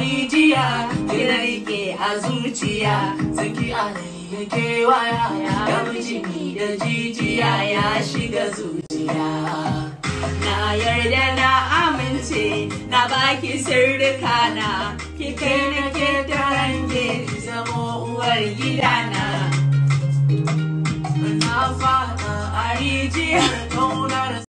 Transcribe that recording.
rijiya ki rike a zuciya zaki alayya ke waya ya mijini da jijiya ya shiga zuciya na yarda na amince na baki sirrika na ki kai na ke tarange zamo uwar gida na fada a rijiya